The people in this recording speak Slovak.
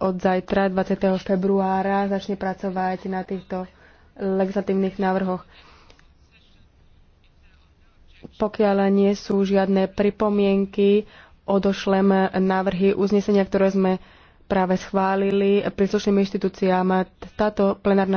od zajtra, 20. februára, začne pracovať na týchto legislatívnych návrhoch. Pokiaľ nie sú žiadne pripomienky, odošlem návrhy uznesenia, ktoré sme práve schválili príslušným inštitúciám. Táto plenárna